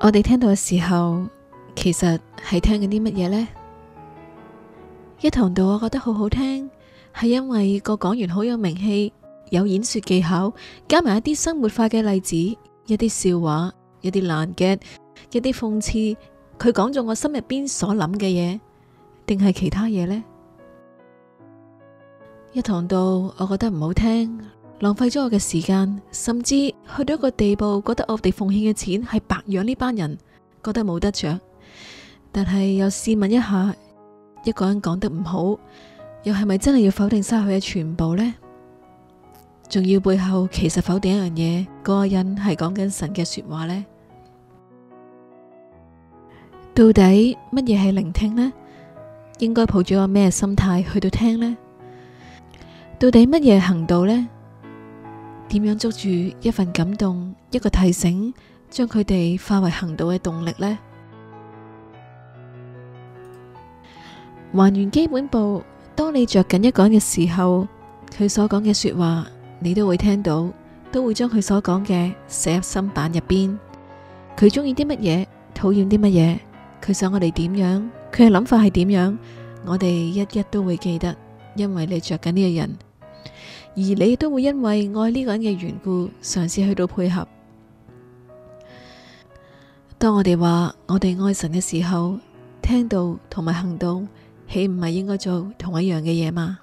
我哋聽到嘅時候，其實係聽緊啲乜嘢呢？一堂度我覺得好好聽，係因為個講員好有名氣，有演說技巧，加埋一啲生活化嘅例子，一啲笑話，一啲爛嘅，一啲諷刺，佢講咗我心入邊所諗嘅嘢，定係其他嘢呢？一堂度我覺得唔好聽。浪費咗我嘅時間，甚至去到一個地步，覺得我哋奉獻嘅錢係白養呢班人，覺得冇得着。但係又試問一下，一個人講得唔好，又係咪真係要否定晒佢嘅全部呢？仲要背後其實否定一樣嘢，嗰個人係講緊神嘅說話呢？到底乜嘢係聆聽呢？應該抱住個咩心態去到聽呢？到底乜嘢行道呢？點樣捉住一份感動，一個提醒，將佢哋化為行動嘅動力呢？還原基本步，當你着緊一個人嘅時候，佢所講嘅說話，你都會聽到，都會將佢所講嘅寫入心版入邊。佢中意啲乜嘢，討厭啲乜嘢，佢想我哋點樣，佢嘅諗法係點樣，我哋一一都會記得，因為你着緊呢個人。而你都會因為愛呢個人嘅緣故，嘗試去到配合。當我哋話我哋愛神嘅時候，聽到同埋行動，豈唔係應該做同一樣嘅嘢嗎？